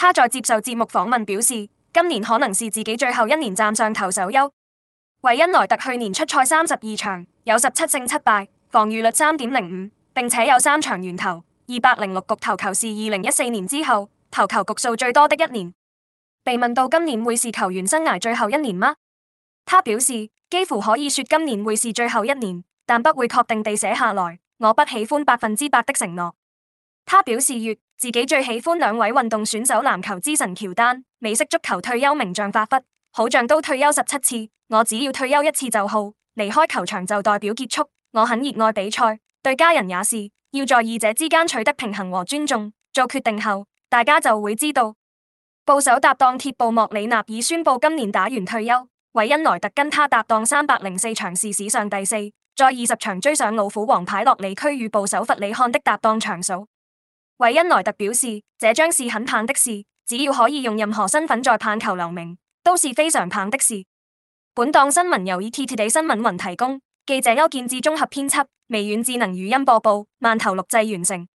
他在接受節目訪問表示，今年可能是自己最後一年站上投手丘。韋恩萊特去年出賽三十二場，有十七勝七敗，防禦率三點零五，並且有三場源頭，二百零六局投球是二零一四年之後投球局數最多的一年。被問到今年會是球員生涯最後一年嗎？他表示，幾乎可以說今年會是最後一年，但不會確定地寫下來。我不喜歡百分之百的承諾。他表示月：月自己最喜歡兩位運動選手，籃球之神喬丹、美式足球退休名將法弗，好像都退休十七次。我只要退休一次就好，離開球場就代表結束。我很熱愛比賽，對家人也是，要在二者之間取得平衡和尊重。做決定後，大家就會知道。捕手搭檔鐵捕莫里納已宣布今年打完退休，韋恩萊特跟他搭檔三百零四場是史上第四，在二十場追上老虎王牌洛里區與捕手弗里漢的搭檔場數。韋恩萊特表示，這將是很棒的事，只要可以用任何身份在棒球留名，都是非常棒的事。本檔新聞由 ETtoday 新聞雲提供，記者邱建志綜合編輯，微軟智能語音播報，慢頭錄製完成。